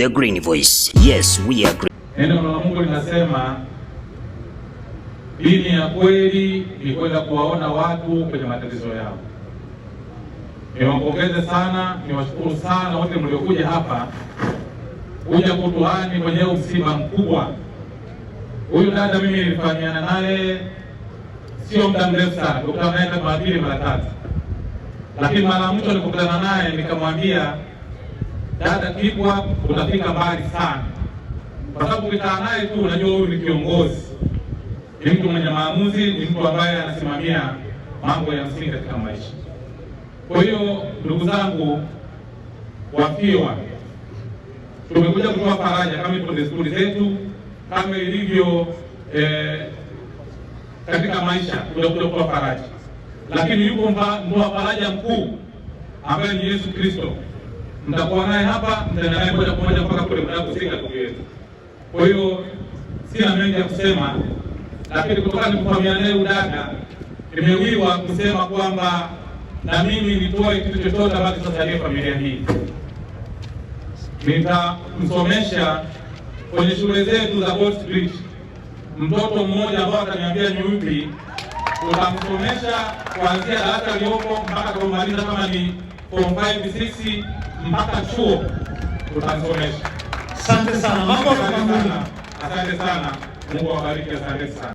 The Green Voice. Yes, we agree. Neno la Mungu linasema dini ya kweli ni kwenda kuwaona watu kwenye matatizo yao. Niwapongeze sana, niwashukuru sana wote mliokuja hapa kuja kutuani kwenye msiba mkubwa. Huyu dada mimi nilifanyana naye sio muda mrefu sana, tukutana naye mara mara tatu, lakini mara mtu alikutana naye nikamwambia dada Kibwa, utafika mbali sana, kwa sababu ukikaa naye tu unajua huyu ni kiongozi, ni mtu mwenye maamuzi, ni mtu ambaye anasimamia mambo ya msingi katika maisha. Kwa hiyo ndugu zangu wafiwa, tumekuja kutoa faraja kama ipo desturi zetu, kama ilivyo eh, katika maisha kuja kutoa faraja, lakini yuko mtoa faraja mkuu ambaye ni Yesu Kristo mtakuwa naye hapa, mtaenda naye moja kwa moja mpaka kule mnapofika ndugu yetu. Kwa hiyo sina mengi ya kusema, lakini kutokana kufahamiana naye udada, nimewiwa kusema kwamba na mimi nitoe kitu chochote ambacho sasaidia familia hii. Nitamsomesha kwenye shule zetu za Gold Street mtoto mmoja ambao ataniambia ni yupi, utamsomesha kuanzia darasa liopo mpaka kumaliza kama ni kutoka hivi sisi mpaka chuo tutasomesha. Asante sana, mambo. Asante sana, Mungu awabariki. Asante sana.